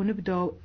u nibdow